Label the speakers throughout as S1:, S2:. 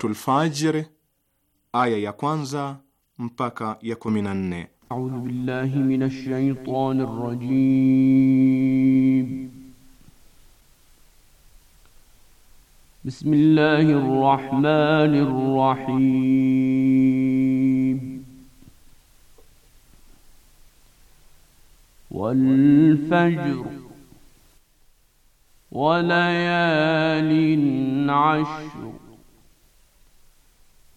S1: Suratul Fajr aya ya kwanza mpaka ya 14.
S2: A'udhu billahi minash shaitani rrajim. Bismillahir rahmanir rahim. Wal fajr wa layalin 'ashr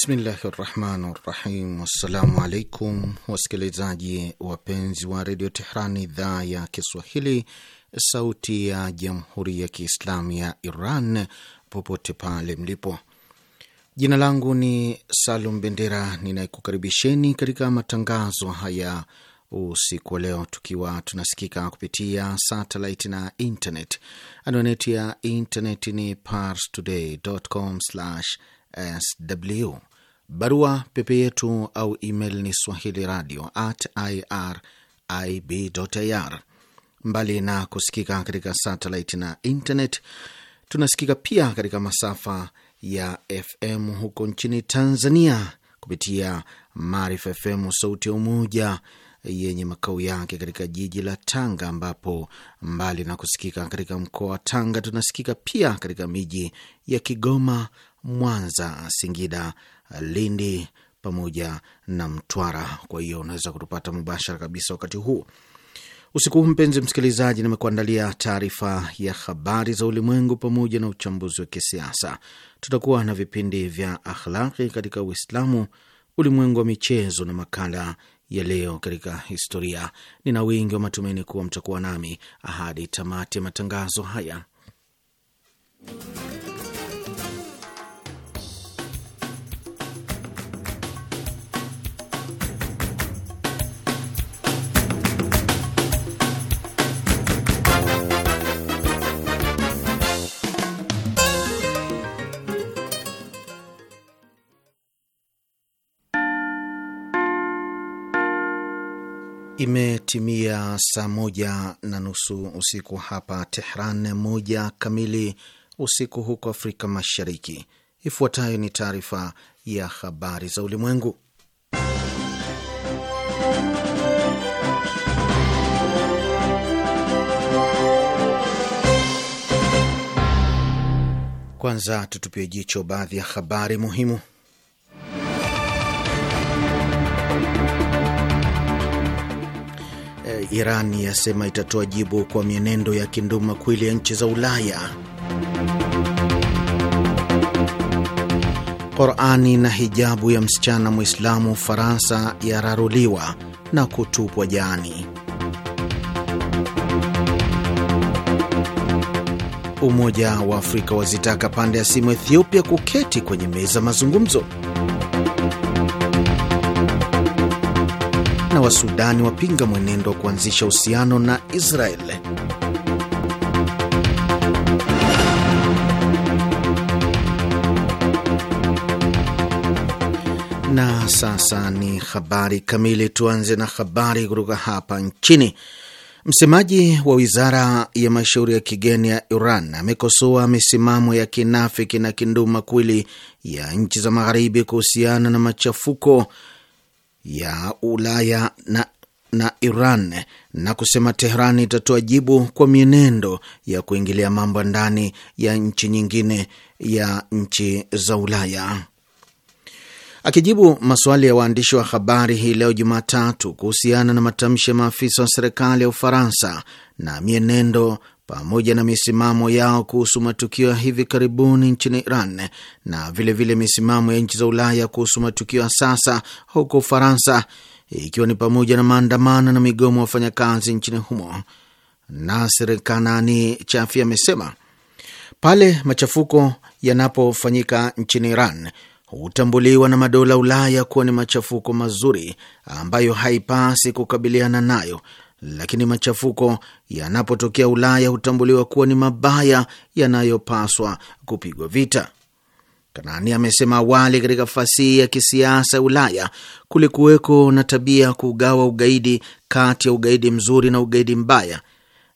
S3: Bismillahi rahmani rahim. Wassalamu alaikum wasikilizaji wapenzi wa redio Tehran, idhaa ya Kiswahili, sauti ya jamhuri ya kiislamu ya Iran, popote pale mlipo. Jina langu ni Salum Bendera, ninayekukaribisheni katika matangazo haya usiku wa leo, tukiwa tunasikika kupitia satellite na internet. Anwani ya internet ni parstoday.com sw. Barua pepe yetu au email ni swahili radio at irib Mbali na kusikika katika satellite na internet, tunasikika pia katika masafa ya FM huko nchini Tanzania kupitia Maarifa FM sauti ya Umoja yenye makao yake katika jiji la Tanga, ambapo mbali na kusikika katika mkoa wa Tanga, tunasikika pia katika miji ya Kigoma, Mwanza, Singida, Lindi pamoja na Mtwara. Kwa hiyo unaweza kutupata mubashara kabisa wakati huu usiku huu. Mpenzi msikilizaji, nimekuandalia taarifa ya habari za ulimwengu pamoja na uchambuzi wa kisiasa. Tutakuwa na vipindi vya akhlaki katika Uislamu, ulimwengu wa michezo na makala ya leo katika historia. Nina wingi wa matumaini kuwa mtakuwa nami ahadi tamati ya matangazo haya. Imetimia saa moja na nusu usiku hapa Tehran, moja kamili usiku huko Afrika Mashariki. Ifuatayo ni taarifa ya habari za ulimwengu, kwanza tutupie jicho baadhi ya habari muhimu. Iran yasema itatoa jibu kwa mienendo ya kinduma kwili ya nchi za Ulaya. Qurani na hijabu ya msichana Mwislamu faransa yararuliwa na kutupwa jani. Umoja wa Afrika wazitaka pande ya simu Ethiopia kuketi kwenye meza mazungumzo. wa Sudani wapinga mwenendo wa kuanzisha uhusiano na israel Na sasa ni habari kamili. Tuanze na habari kutoka hapa nchini. Msemaji wa wizara ya mashauri ya kigeni ya Iran amekosoa misimamo ya kinafiki na kinduma kwili ya nchi za magharibi kuhusiana na machafuko ya Ulaya na, na Iran na kusema Tehran itatoa jibu kwa mienendo ya kuingilia mambo ndani ya nchi nyingine ya nchi za Ulaya. Akijibu maswali ya waandishi wa habari hii leo Jumatatu kuhusiana na matamshi ya maafisa wa serikali ya Ufaransa na mienendo pamoja na misimamo yao kuhusu matukio ya hivi karibuni nchini Iran na vilevile vile misimamo ya nchi za Ulaya kuhusu matukio ya sasa huko Ufaransa, ikiwa ni pamoja na maandamano na migomo ya wafanyakazi nchini humo. Nasir Kanani Chafi amesema pale machafuko yanapofanyika nchini Iran hutambuliwa na madola Ulaya kuwa ni machafuko mazuri ambayo haipasi kukabiliana nayo lakini machafuko yanapotokea Ulaya hutambuliwa kuwa ni mabaya yanayopaswa kupigwa vita. Kanani amesema awali katika fasihi ya kisiasa Ulaya kulikuweko na tabia ya kugawa ugaidi kati ya ugaidi mzuri na ugaidi mbaya,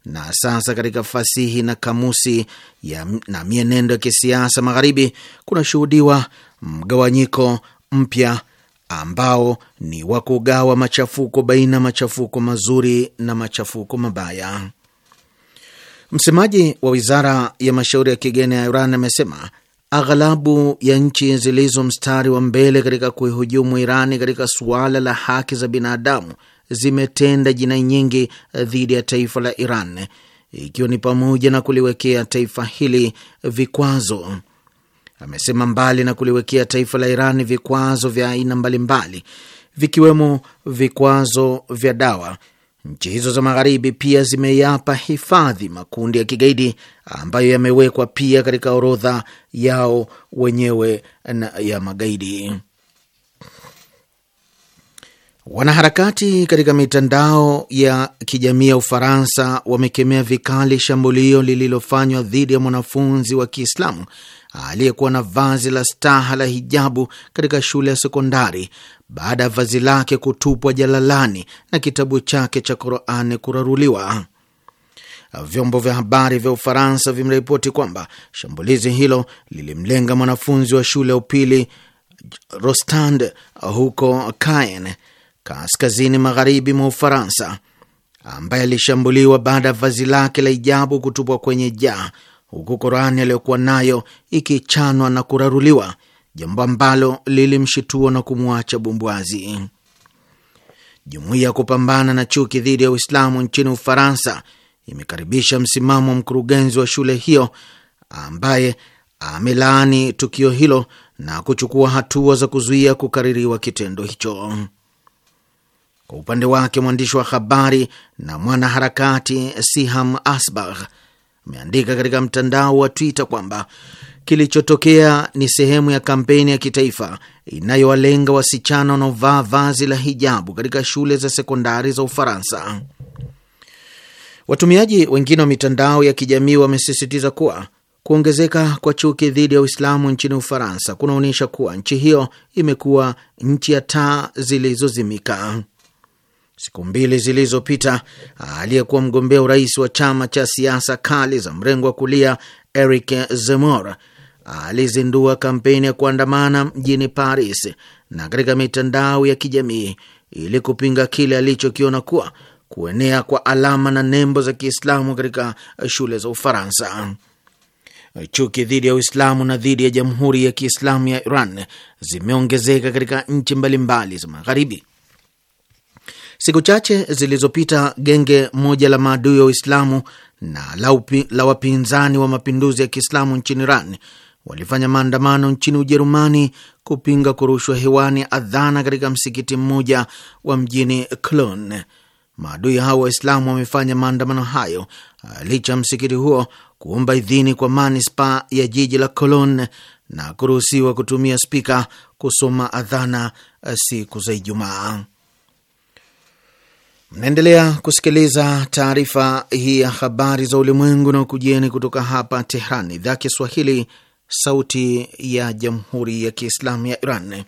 S3: na sasa katika fasihi na kamusi ya na mienendo ya kisiasa Magharibi kunashuhudiwa mgawanyiko mpya ambao ni wa kugawa machafuko baina machafuko mazuri na machafuko mabaya. Msemaji wa wizara ya mashauri ya kigeni ya Iran amesema aghalabu ya nchi zilizo mstari wa mbele katika kuihujumu Irani katika suala la haki za binadamu zimetenda jinai nyingi dhidi ya taifa la Iran, ikiwa ni pamoja na kuliwekea taifa hili vikwazo amesema mbali na kuliwekea taifa la Iran vikwazo vya aina mbalimbali vikiwemo vikwazo vya dawa, nchi hizo za magharibi pia zimeyapa hifadhi makundi ya kigaidi ambayo yamewekwa pia katika orodha yao wenyewe ya magaidi. Wanaharakati katika mitandao ya kijamii ya Ufaransa wamekemea vikali shambulio lililofanywa dhidi ya mwanafunzi wa Kiislamu aliyekuwa na vazi la staha la hijabu katika shule ya sekondari baada ya vazi lake kutupwa jalalani na kitabu chake cha Qurani kuraruliwa. Vyombo vya habari vya Ufaransa vimeripoti kwamba shambulizi hilo lilimlenga mwanafunzi wa shule ya upili Rostand huko Caen, kaskazini magharibi mwa Ufaransa, ambaye alishambuliwa baada ya vazi lake la hijabu kutupwa kwenye jaa huku Korani aliyokuwa nayo ikichanwa na kuraruliwa, jambo ambalo lilimshitua na kumwacha bumbwazi. Jumuiya ya kupambana na chuki dhidi ya Uislamu nchini Ufaransa imekaribisha msimamo wa mkurugenzi wa shule hiyo ambaye amelaani tukio hilo na kuchukua hatua za kuzuia kukaririwa kitendo hicho. Kwa upande wake, mwandishi wa habari na mwanaharakati Siham Asbagh umeandika katika mtandao wa Twitter kwamba kilichotokea ni sehemu ya kampeni ya kitaifa inayowalenga wasichana wanaovaa vazi la hijabu katika shule za sekondari za Ufaransa. Watumiaji wengine wa mitandao ya kijamii wamesisitiza kuwa kuongezeka kwa chuki dhidi ya Uislamu nchini Ufaransa kunaonyesha kuwa nchi hiyo imekuwa nchi ya taa zilizozimika. Siku mbili zilizopita aliyekuwa mgombea urais wa chama cha siasa kali za mrengo wa kulia Eric Zemmour alizindua kampeni ya kuandamana mjini Paris na katika mitandao ya kijamii ili kupinga kile alichokiona kuwa kuenea kwa alama na nembo za Kiislamu katika shule za Ufaransa. Chuki dhidi ya Uislamu na dhidi ya Jamhuri ya Kiislamu ya Iran zimeongezeka katika nchi mbalimbali za Magharibi. Siku chache zilizopita genge moja la maadui wa Uislamu na la, upi, la wapinzani wa mapinduzi ya Kiislamu nchini Iran walifanya maandamano nchini Ujerumani kupinga kurushwa hewani adhana katika msikiti mmoja wa mjini Cologne. Maadui hao Waislamu wamefanya maandamano hayo licha ya msikiti huo kuomba idhini kwa manispaa ya jiji la Cologne na kuruhusiwa kutumia spika kusoma adhana siku za Ijumaa. Mnaendelea kusikiliza taarifa hii ya habari za ulimwengu na ukujieni kutoka hapa Tehran, idhaa Kiswahili, sauti ya jamhuri ya kiislamu ya Iran.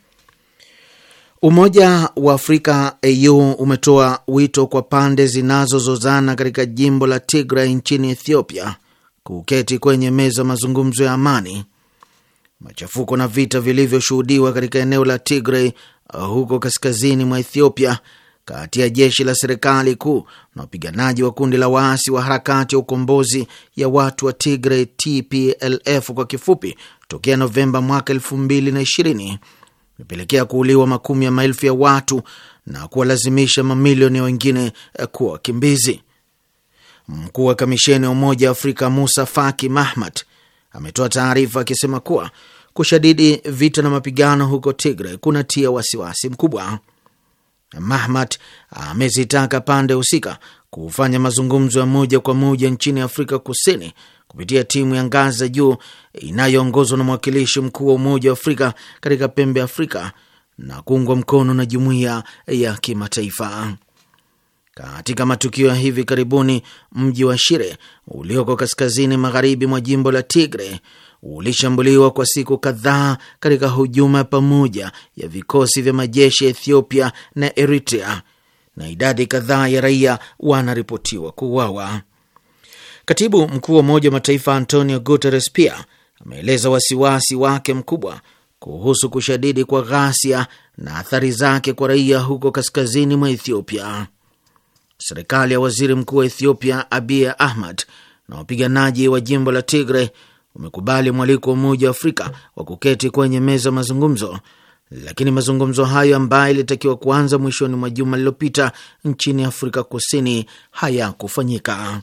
S3: Umoja wa Afrika AU umetoa wito kwa pande zinazozozana katika jimbo la Tigray nchini Ethiopia kuketi kwenye meza mazungumzo ya amani. Machafuko na vita vilivyoshuhudiwa katika eneo la Tigray uh, huko kaskazini mwa Ethiopia kati ya jeshi la serikali kuu na wapiganaji wa kundi la waasi wa harakati ya ukombozi ya watu wa Tigray TPLF kwa kifupi, tokea Novemba mwaka elfu mbili na ishirini imepelekea kuuliwa makumi ya maelfu ya watu na kuwalazimisha mamilioni ya wengine eh, kuwa wakimbizi. Mkuu wa kamisheni ya Umoja wa Afrika Musa Faki mahmad ametoa taarifa akisema kuwa kushadidi vita na mapigano huko Tigre kunatia wasiwasi mkubwa. Mahmat amezitaka pande husika kufanya mazungumzo ya moja kwa moja nchini Afrika Kusini kupitia timu ya ngazi za juu inayoongozwa na mwakilishi mkuu wa Umoja wa Afrika katika pembe ya Afrika na kuungwa mkono na jumuiya ya kimataifa. Katika matukio ya hivi karibuni, mji wa Shire ulioko kaskazini magharibi mwa jimbo la Tigre ulishambuliwa kwa siku kadhaa katika hujuma pamoja ya vikosi vya majeshi ya Ethiopia na Eritrea na idadi kadhaa ya raia wanaripotiwa kuuawa. Katibu mkuu wa Umoja wa Mataifa Antonio Guterres pia ameeleza wasiwasi wake mkubwa kuhusu kushadidi kwa ghasia na athari zake kwa raia huko kaskazini mwa Ethiopia. Serikali ya waziri mkuu wa Ethiopia Abiy Ahmed na wapiganaji wa jimbo la Tigre umekubali mwaliko wa Umoja wa Afrika wa kuketi kwenye meza mazungumzo, lakini mazungumzo hayo ambayo ilitakiwa kuanza mwishoni mwa juma lililopita nchini Afrika Kusini hayakufanyika.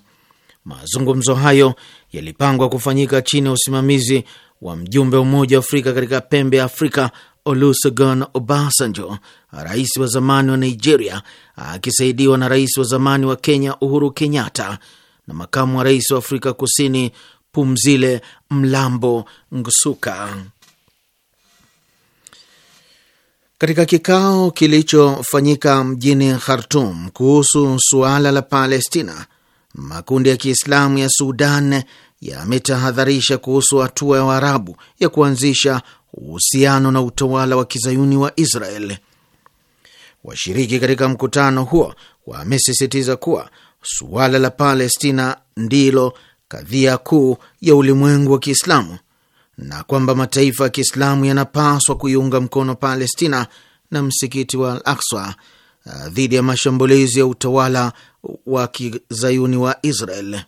S3: Mazungumzo hayo yalipangwa kufanyika chini ya usimamizi wa mjumbe wa Umoja wa Afrika katika pembe ya Afrika Olusegun Obasanjo, rais wa zamani wa Nigeria, akisaidiwa na rais wa zamani wa Kenya Uhuru Kenyatta na makamu wa rais wa Afrika Kusini Pumzile Mlambo Ngusuka. Katika kikao kilichofanyika mjini Khartum kuhusu suala la Palestina, makundi ya Kiislamu ya Sudan yametahadharisha kuhusu hatua ya Waarabu ya kuanzisha uhusiano na utawala wa kizayuni wa Israel. Washiriki katika mkutano huo wamesisitiza kuwa suala la Palestina ndilo kadhia kuu ya ulimwengu wa Kiislamu na kwamba mataifa ya Kiislamu yanapaswa kuiunga mkono Palestina na msikiti wa Al uh, dhidi ya mashambulizi ya utawala wa kizayuni wa Israel.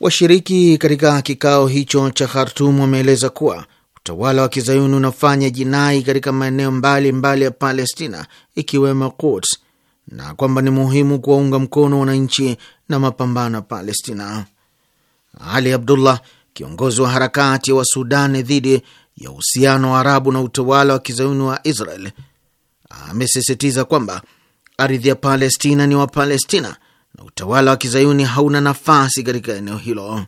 S3: Washiriki katika kikao hicho cha Khartum wameeleza kuwa utawala wa kizayuni unafanya jinai katika maeneo mbalimbali ya Palestina, ikiwemo Quds na kwamba ni muhimu kuwaunga mkono wananchi na mapambano ya Palestina. Ali Abdullah, kiongozi wa harakati wa Sudani dhidi ya uhusiano wa Arabu na utawala wa kizayuni wa Israel, amesisitiza kwamba ardhi ya Palestina ni wapalestina na utawala wa kizayuni hauna nafasi katika eneo hilo.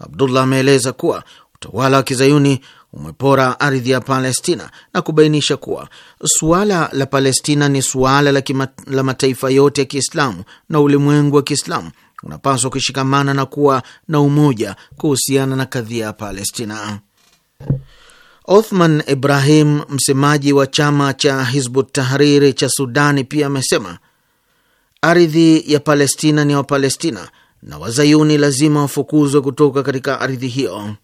S3: Abdullah ameeleza kuwa utawala wa kizayuni umepora ardhi ya Palestina na kubainisha kuwa suala la Palestina ni suala la, kima, la mataifa yote ya Kiislamu na ulimwengu wa Kiislamu unapaswa kushikamana na kuwa na umoja kuhusiana na kadhia ya Palestina. Othman Ibrahim, msemaji wa chama cha Hizbut Tahriri cha Sudani, pia amesema ardhi ya Palestina ni ya Wapalestina na Wazayuni lazima wafukuzwe kutoka katika ardhi hiyo.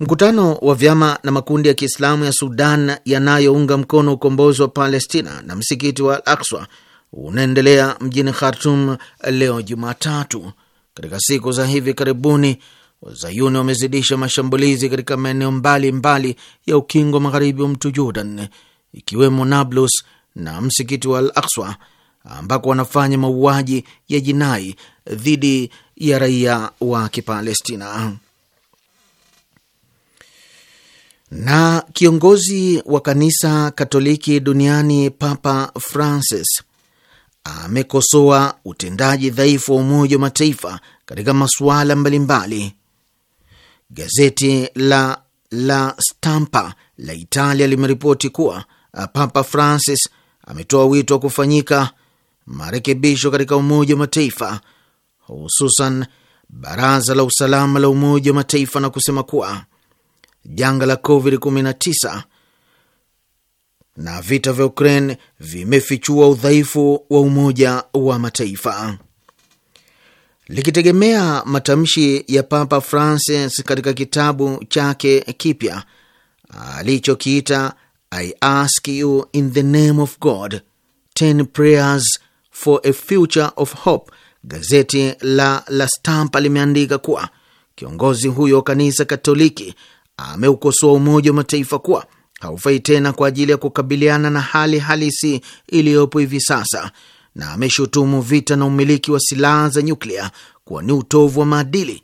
S3: Mkutano wa vyama na makundi ya Kiislamu ya Sudan yanayounga mkono ukombozi wa Palestina na msikiti wa Al Akswa unaendelea mjini Khartum leo Jumatatu. Katika siku za hivi karibuni, wazayuni wamezidisha mashambulizi katika maeneo mbalimbali ya ukingo magharibi wa mto Jordan, ikiwemo Nablus na msikiti wa Al Akswa ambako wanafanya mauaji ya jinai dhidi ya raia wa Kipalestina. Na kiongozi wa kanisa Katoliki duniani Papa Francis amekosoa utendaji dhaifu wa Umoja wa Mataifa katika masuala mbalimbali. Gazeti la La Stampa la Italia limeripoti kuwa Papa Francis ametoa wito wa kufanyika marekebisho katika Umoja wa Mataifa, hususan Baraza la Usalama la Umoja wa Mataifa, na kusema kuwa janga la COVID-19 na vita vya Ukraine vimefichua udhaifu wa Umoja wa Mataifa. Likitegemea matamshi ya Papa Francis katika kitabu chake kipya alichokiita I ask you in the name of God, 10 prayers for a future of hope, gazeti la La Stampa limeandika kuwa kiongozi huyo wa kanisa Katoliki ameukosoa Umoja wa Mataifa kuwa haufai tena kwa ajili ya kukabiliana na hali halisi iliyopo hivi sasa na ameshutumu vita na umiliki wa silaha za nyuklia kuwa ni utovu wa maadili,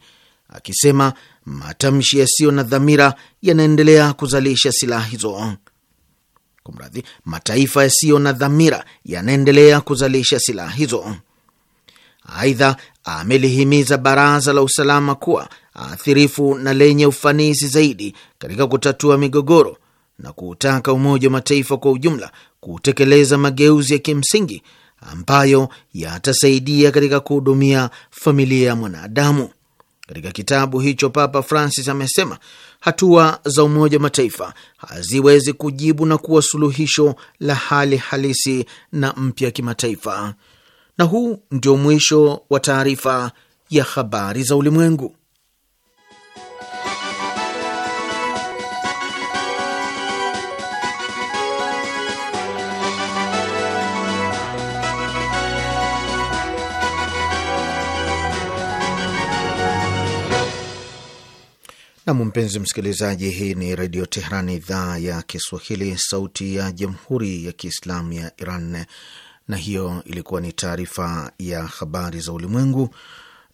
S3: akisema matamshi yasiyo na dhamira yanaendelea kuzalisha silaha hizo. Kumradhi, mataifa yasiyo na dhamira yanaendelea kuzalisha silaha hizo. Aidha, amelihimiza baraza la usalama kuwa athirifu na lenye ufanisi zaidi katika kutatua migogoro na kuutaka Umoja wa Mataifa kwa ujumla kutekeleza mageuzi ya kimsingi ambayo yatasaidia katika kuhudumia familia ya mwanadamu. Katika kitabu hicho Papa Francis amesema hatua za Umoja wa Mataifa haziwezi kujibu na kuwa suluhisho la hali halisi na mpya kimataifa. Na huu ndio mwisho wa taarifa ya habari za ulimwengu. Nam, mpenzi msikilizaji, hii ni Redio teherani idhaa ya Kiswahili, sauti ya jamhuri ya kiislamu ya Iran. Na hiyo ilikuwa ni taarifa ya habari za ulimwengu.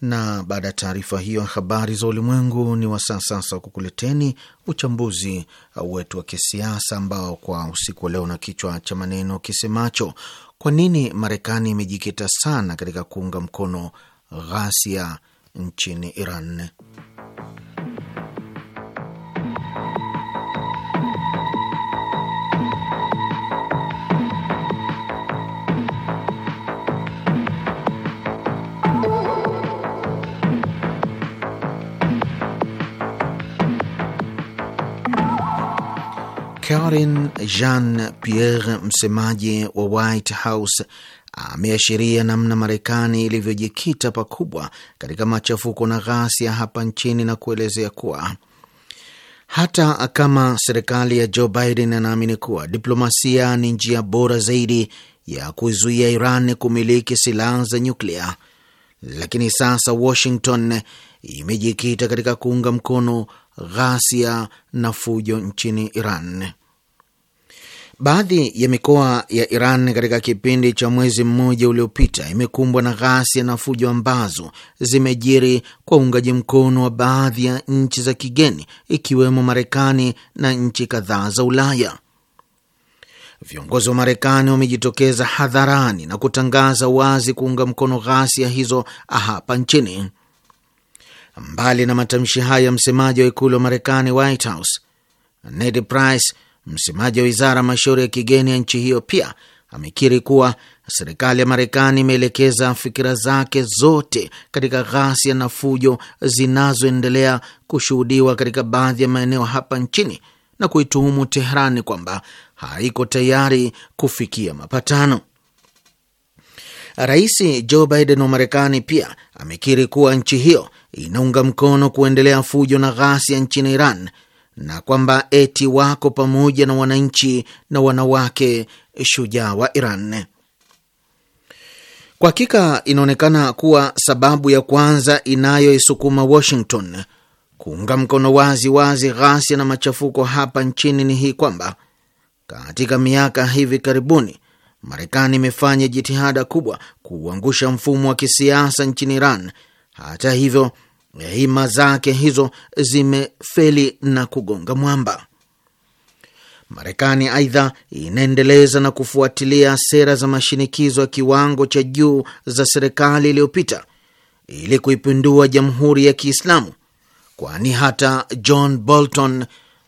S3: Na baada ya taarifa hiyo habari za ulimwengu, ni wasaa sasa wa kukuleteni uchambuzi wetu wa kisiasa ambao kwa usiku wa leo na kichwa cha maneno kisemacho kwa nini Marekani imejikita sana katika kuunga mkono ghasia nchini Iran. Karin Jean Pierre, msemaji wa White House, ameashiria namna Marekani ilivyojikita pakubwa katika machafuko na ghasia hapa nchini na kuelezea kuwa hata kama serikali ya Joe Biden anaamini kuwa diplomasia ni njia bora zaidi ya kuzuia Iran kumiliki silaha za nyuklia, lakini sasa Washington imejikita katika kuunga mkono ghasia na fujo nchini Iran. Baadhi ya mikoa ya Iran katika kipindi cha mwezi mmoja uliopita imekumbwa na ghasia na fujo ambazo zimejiri kwa uungaji mkono wa baadhi ya nchi za kigeni ikiwemo Marekani na nchi kadhaa za Ulaya. Viongozi wa Marekani wamejitokeza hadharani na kutangaza wazi kuunga mkono ghasia hizo hapa nchini. Mbali na matamshi hayo, msemaji wa ikulu wa Marekani, White House, Ned Price, msemaji wa wizara ya mashauri ya kigeni ya nchi hiyo, pia amekiri kuwa serikali ya Marekani imeelekeza fikira zake zote katika ghasia na fujo zinazoendelea kushuhudiwa katika baadhi ya maeneo hapa nchini na kuituhumu Teherani kwamba haiko tayari kufikia mapatano. Rais Joe Biden wa Marekani pia amekiri kuwa nchi hiyo inaunga mkono kuendelea fujo na ghasia nchini Iran na kwamba eti wako pamoja na wananchi na wanawake shujaa wa Iran. Kwa hakika inaonekana kuwa sababu ya kwanza inayoisukuma Washington kuunga mkono wazi wazi ghasia na machafuko hapa nchini ni hii kwamba katika miaka hivi karibuni Marekani imefanya jitihada kubwa kuuangusha mfumo wa kisiasa nchini Iran. Hata hivyo, hima zake hizo zimefeli na kugonga mwamba. Marekani aidha inaendeleza na kufuatilia sera za mashinikizo ya kiwango cha juu za serikali iliyopita ili kuipindua jamhuri ya Kiislamu, kwani hata John Bolton,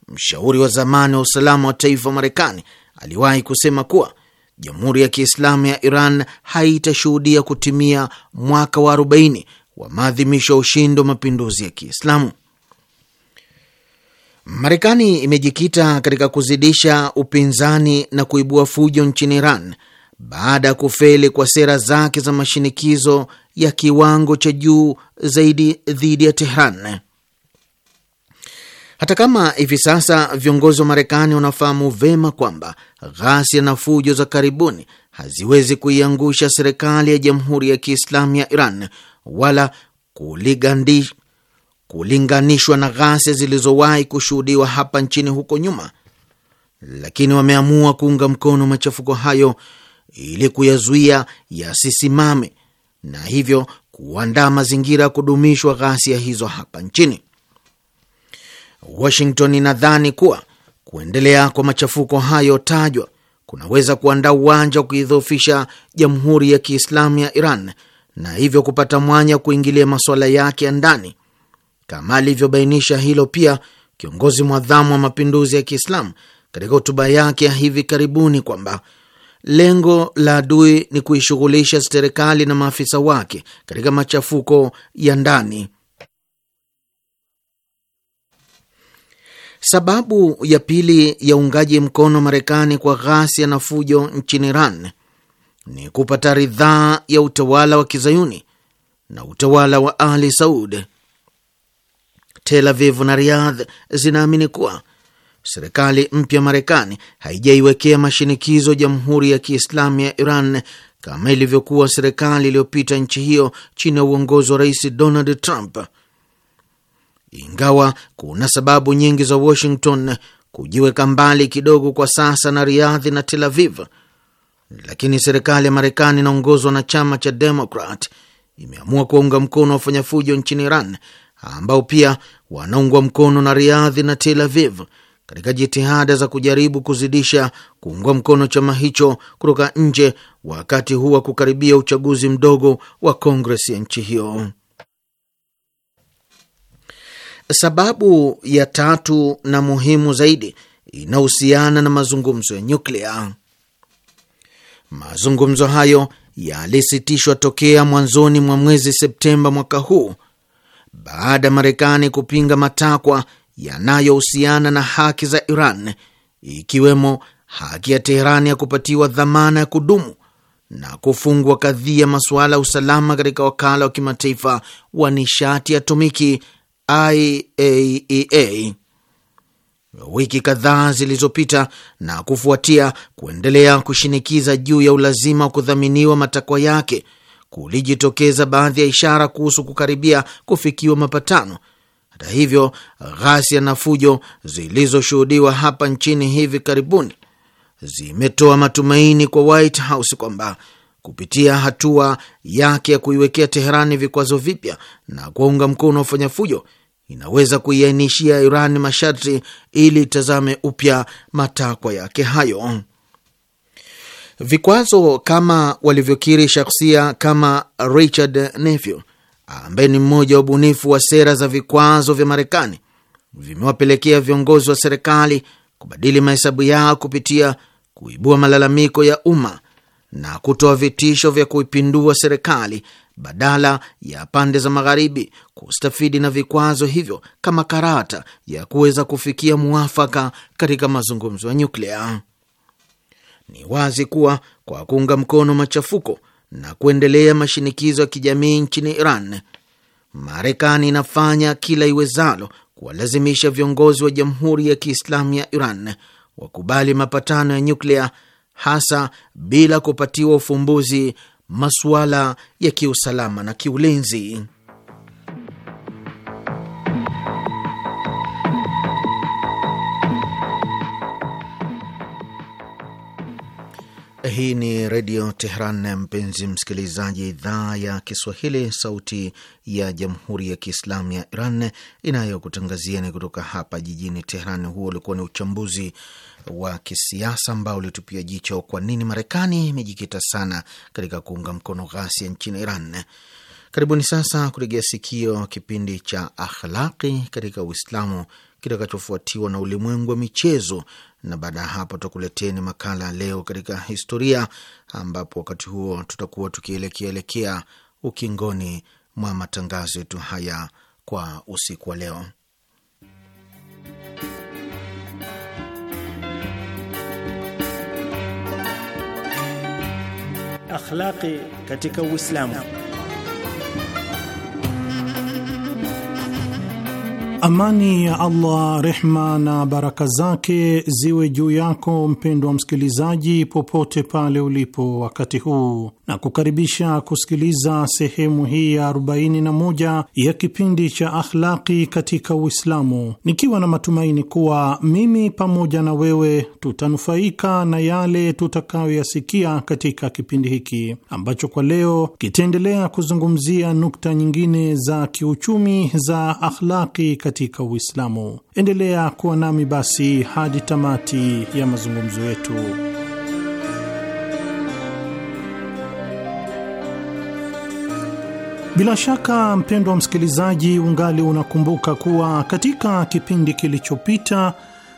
S3: mshauri wa zamani wa usalama wa taifa wa Marekani, aliwahi kusema kuwa jamhuri ya Kiislamu ya Iran haitashuhudia kutimia mwaka wa 40 wa maadhimisho ya ushindi wa mapinduzi ya Kiislamu. Marekani imejikita katika kuzidisha upinzani na kuibua fujo nchini Iran baada ya kufeli kwa sera zake za mashinikizo ya kiwango cha juu zaidi dhidi ya Tehran. Hata kama hivi sasa viongozi wa Marekani wanafahamu vema kwamba ghasia na fujo za karibuni haziwezi kuiangusha serikali ya Jamhuri ya Kiislamu ya Iran, wala kuligandi, kulinganishwa na ghasia zilizowahi kushuhudiwa hapa nchini huko nyuma, lakini wameamua kuunga mkono machafuko hayo ili kuyazuia yasisimame na hivyo kuandaa mazingira ya kudumishwa ghasia hizo hapa nchini. Washington inadhani kuwa kuendelea kwa machafuko hayo tajwa kunaweza kuandaa uwanja wa kuidhoofisha Jamhuri ya Kiislamu ya Iran na hivyo kupata mwanya kuingilia masuala yake ya ndani, kama alivyobainisha hilo pia kiongozi mwadhamu wa mapinduzi ya Kiislamu katika hotuba yake ya hivi karibuni kwamba lengo la adui ni kuishughulisha serikali na maafisa wake katika machafuko ya ndani. Sababu ya pili ya uungaji mkono Marekani kwa ghasia na fujo nchini Iran ni kupata ridhaa ya utawala wa kizayuni na utawala wa Ali Saud. Tel Aviv na Riyadh zinaamini kuwa serikali mpya Marekani haijaiwekea mashinikizo Jamhuri ya Kiislamu ya Iran kama ilivyokuwa serikali iliyopita nchi hiyo chini ya uongozi wa Rais Donald Trump, ingawa kuna sababu nyingi za Washington kujiweka mbali kidogo kwa sasa na riadhi na Tel Aviv lakini serikali ya Marekani inaongozwa na chama cha Demokrat imeamua kuwaunga mkono wafanyafujo nchini Iran ambao pia wanaungwa mkono na Riadhi na Tel Aviv katika jitihada za kujaribu kuzidisha kuungwa mkono chama hicho kutoka nje wakati huu wa kukaribia uchaguzi mdogo wa Kongres ya nchi hiyo. Sababu ya tatu na muhimu zaidi inahusiana na mazungumzo ya nyuklia. Mazungumzo hayo yalisitishwa tokea mwanzoni mwa mwezi Septemba mwaka huu baada ya Marekani kupinga matakwa yanayohusiana na haki za Iran, ikiwemo haki ya Teherani ya kupatiwa dhamana ya kudumu na kufungwa kadhia masuala ya usalama katika wakala wa kimataifa wa nishati ya atomiki IAEA. E wiki kadhaa zilizopita na kufuatia kuendelea kushinikiza juu ya ulazima wa kudhaminiwa matakwa yake, kulijitokeza baadhi ya ishara kuhusu kukaribia kufikiwa mapatano. Hata hivyo, ghasia na fujo zilizoshuhudiwa hapa nchini hivi karibuni zimetoa matumaini kwa White House kwamba kupitia hatua yake ya kuiwekea Teherani vikwazo vipya na kuwaunga mkono wafanya fujo inaweza kuiainishia Iran masharti ili itazame upya matakwa yake hayo. Vikwazo kama walivyokiri shakhsia kama Richard Nephew ambaye ni mmoja wa ubunifu wa sera za vikwazo vya Marekani vimewapelekea viongozi wa serikali kubadili mahesabu yao kupitia kuibua malalamiko ya umma na kutoa vitisho vya kuipindua serikali badala ya pande za magharibi kustafidi na vikwazo hivyo kama karata ya kuweza kufikia mwafaka katika mazungumzo ya nyuklia. Ni wazi kuwa kwa kuunga mkono machafuko na kuendelea mashinikizo ya kijamii nchini Iran, Marekani inafanya kila iwezalo kuwalazimisha viongozi wa Jamhuri ya Kiislamu ya Iran wakubali mapatano ya nyuklia hasa bila kupatiwa ufumbuzi masuala ya kiusalama na kiulinzi. Hii ni Redio Tehran, mpenzi msikilizaji. Idhaa ya Kiswahili, sauti ya Jamhuri ya Kiislamu ya Iran inayokutangazieni kutoka hapa jijini Tehran. Huo ulikuwa ni uchambuzi wa kisiasa ambao ulitupia jicho kwa nini Marekani imejikita sana katika kuunga mkono ghasia nchini Iran. Karibuni sasa kuregea sikio kipindi cha Akhlaqi katika Uislamu kitakachofuatiwa na ulimwengu wa michezo na baada ya hapo tutakuleteni makala ya leo katika historia, ambapo wakati huo tutakuwa tukielekea ukingoni mwa matangazo yetu haya kwa usiku wa leo.
S4: Akhlaqi katika Uislamu.
S5: Amani ya Allah, rehma na baraka zake ziwe juu yako mpendwa msikilizaji, popote pale ulipo wakati huu, na kukaribisha kusikiliza sehemu hii ya 41 ya kipindi cha Akhlaqi katika Uislamu, nikiwa na matumaini kuwa mimi pamoja na wewe tutanufaika na yale tutakayoyasikia katika kipindi hiki ambacho kwa leo kitaendelea kuzungumzia nukta nyingine za kiuchumi za akhlaqi katika Uislamu. Endelea kuwa nami basi hadi tamati ya mazungumzo yetu. Bila shaka mpendwa msikilizaji, ungali unakumbuka kuwa katika kipindi kilichopita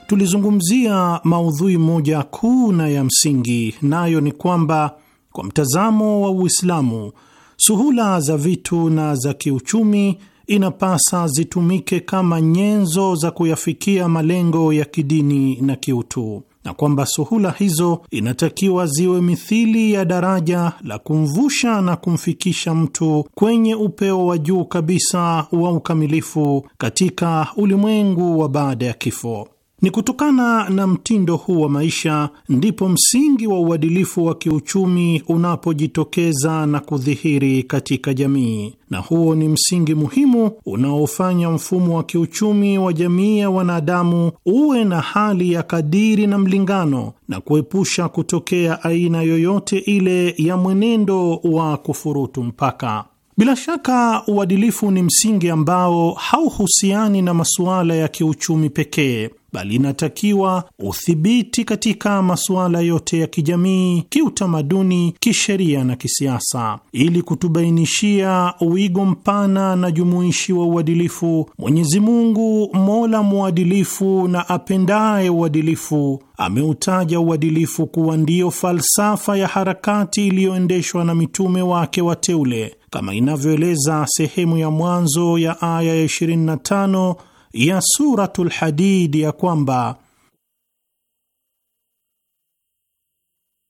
S5: tulizungumzia maudhui moja kuu na ya msingi, nayo ni kwamba kwa mtazamo wa Uislamu, suhula za vitu na za kiuchumi inapasa zitumike kama nyenzo za kuyafikia malengo ya kidini na kiutu, na kwamba suhula hizo inatakiwa ziwe mithili ya daraja la kumvusha na kumfikisha mtu kwenye upeo wa juu kabisa wa ukamilifu katika ulimwengu wa baada ya kifo. Ni kutokana na mtindo huu wa maisha ndipo msingi wa uadilifu wa kiuchumi unapojitokeza na kudhihiri katika jamii, na huo ni msingi muhimu unaofanya mfumo wa kiuchumi wa jamii ya wanadamu uwe na hali ya kadiri na mlingano na kuepusha kutokea aina yoyote ile ya mwenendo wa kufurutu mpaka. Bila shaka uadilifu ni msingi ambao hauhusiani na masuala ya kiuchumi pekee bali inatakiwa uthibiti katika masuala yote ya kijamii, kiutamaduni, kisheria na kisiasa, ili kutubainishia wigo mpana na jumuishi wa uadilifu. Mwenyezi Mungu mola mwadilifu na apendaye uadilifu ameutaja uadilifu kuwa ndiyo falsafa ya harakati iliyoendeshwa na mitume wake wateule, kama inavyoeleza sehemu ya mwanzo ya aya ya 25 ya Suratul Hadid ya kwamba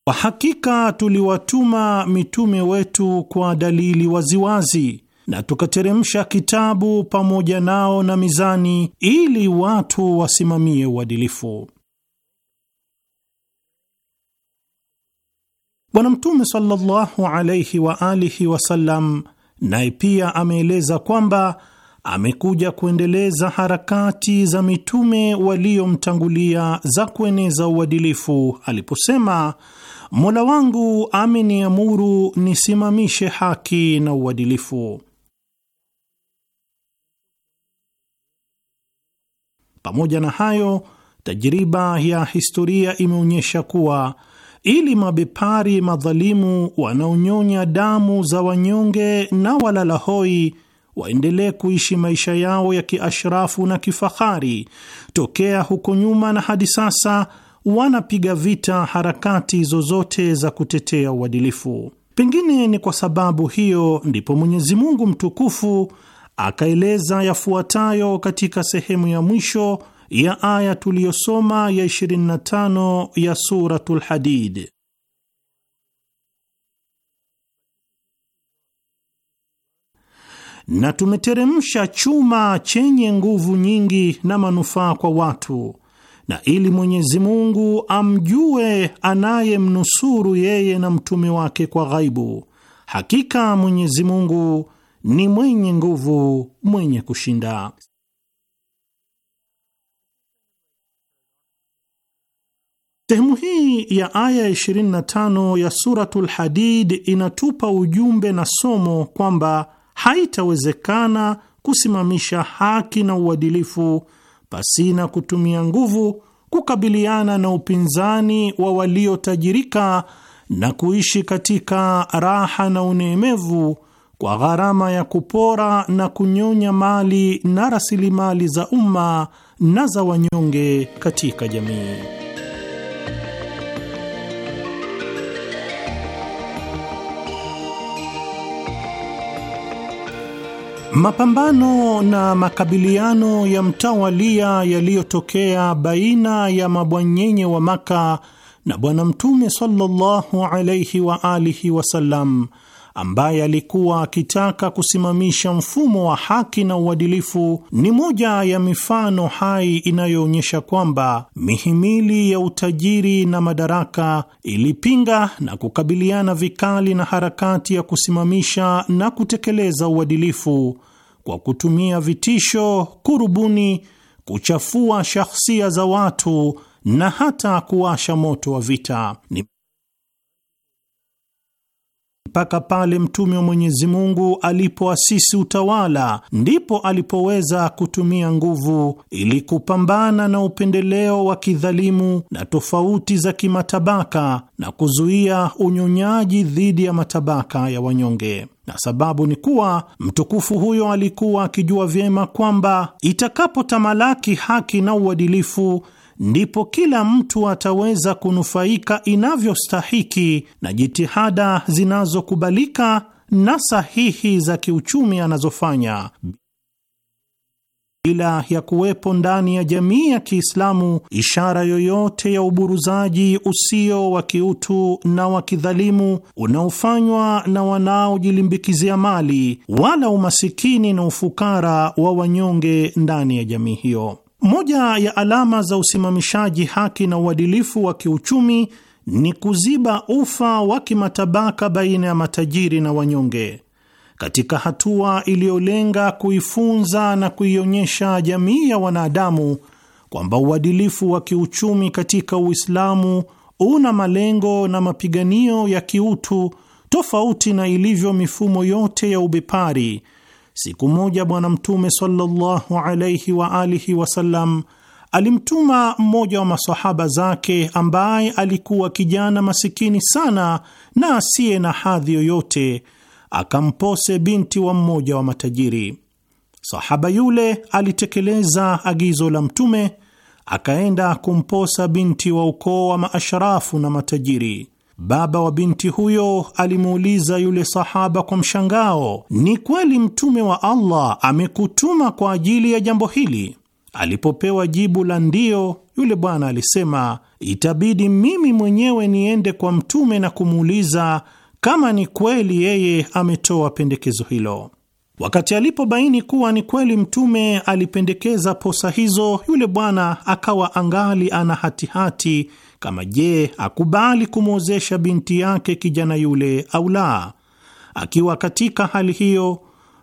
S5: kwa hakika tuliwatuma mitume wetu kwa dalili waziwazi na tukateremsha kitabu pamoja nao na mizani ili watu wasimamie uadilifu. Bwana Mtume sallallahu alayhi wa alihi wasallam naye pia ameeleza kwamba amekuja kuendeleza harakati za mitume waliomtangulia za kueneza uadilifu aliposema, Mola wangu ameniamuru nisimamishe haki na uadilifu. Pamoja na hayo, tajriba ya historia imeonyesha kuwa ili mabepari madhalimu wanaonyonya damu za wanyonge na walalahoi waendelee kuishi maisha yao ya kiashrafu na kifahari. Tokea huko nyuma na hadi sasa wanapiga vita harakati zozote za kutetea uadilifu. Pengine ni kwa sababu hiyo ndipo Mwenyezi Mungu mtukufu akaeleza yafuatayo katika sehemu ya mwisho ya aya tuliyosoma ya 25 ya Suratul Hadid: na tumeteremsha chuma chenye nguvu nyingi na manufaa kwa watu, na ili Mwenyezi Mungu amjue anayemnusuru yeye na mtume wake kwa ghaibu. Hakika Mwenyezi Mungu ni mwenye nguvu, mwenye kushinda. Sehemu hii ya aya 25 ya Suratul Hadid inatupa ujumbe na somo kwamba haitawezekana kusimamisha haki na uadilifu pasina kutumia nguvu kukabiliana na upinzani wa waliotajirika na kuishi katika raha na uneemevu kwa gharama ya kupora na kunyonya mali na rasilimali za umma na za wanyonge katika jamii. Mapambano na makabiliano ya mtawalia yaliyotokea baina ya mabwanyenye wa Maka na Bwana Mtume sallallahu alaihi wa alihi wasallam ambaye alikuwa akitaka kusimamisha mfumo wa haki na uadilifu ni moja ya mifano hai inayoonyesha kwamba mihimili ya utajiri na madaraka ilipinga na kukabiliana vikali na harakati ya kusimamisha na kutekeleza uadilifu kwa kutumia vitisho, kurubuni, kuchafua shahsia za watu na hata kuwasha moto wa vita. Ni mpaka pale mtume wa Mwenyezi Mungu alipoasisi utawala, ndipo alipoweza kutumia nguvu ili kupambana na upendeleo wa kidhalimu na tofauti za kimatabaka na kuzuia unyonyaji dhidi ya matabaka ya wanyonge. Na sababu ni kuwa mtukufu huyo alikuwa akijua vyema kwamba itakapotamalaki haki na uadilifu ndipo kila mtu ataweza kunufaika inavyostahiki na jitihada zinazokubalika na sahihi za kiuchumi anazofanya bila ya kuwepo ndani ya jamii ya Kiislamu ishara yoyote ya uburuzaji usio wa kiutu na wa kidhalimu unaofanywa na wanaojilimbikizia mali wala umasikini na ufukara wa wanyonge ndani ya jamii hiyo. Moja ya alama za usimamishaji haki na uadilifu wa kiuchumi ni kuziba ufa wa kimatabaka baina ya matajiri na wanyonge. Katika hatua iliyolenga kuifunza na kuionyesha jamii ya wanadamu kwamba uadilifu wa kiuchumi katika Uislamu una malengo na mapiganio ya kiutu tofauti na ilivyo mifumo yote ya ubepari Siku moja Bwana Mtume sallallahu alaihi wa alihi wasallam alimtuma mmoja wa masahaba zake ambaye alikuwa kijana masikini sana na asiye na hadhi yoyote, akampose binti wa mmoja wa matajiri. Sahaba yule alitekeleza agizo la Mtume, akaenda kumposa binti wa ukoo wa maashrafu na matajiri. Baba wa binti huyo alimuuliza yule sahaba kwa mshangao, ni kweli mtume wa Allah amekutuma kwa ajili ya jambo hili? Alipopewa jibu la ndio yule bwana alisema, itabidi mimi mwenyewe niende kwa mtume na kumuuliza kama ni kweli yeye ametoa pendekezo hilo. Wakati alipobaini kuwa ni kweli mtume alipendekeza posa hizo, yule bwana akawa angali ana hatihati kama je, akubali kumwozesha binti yake kijana yule au la. Akiwa katika hali hiyo,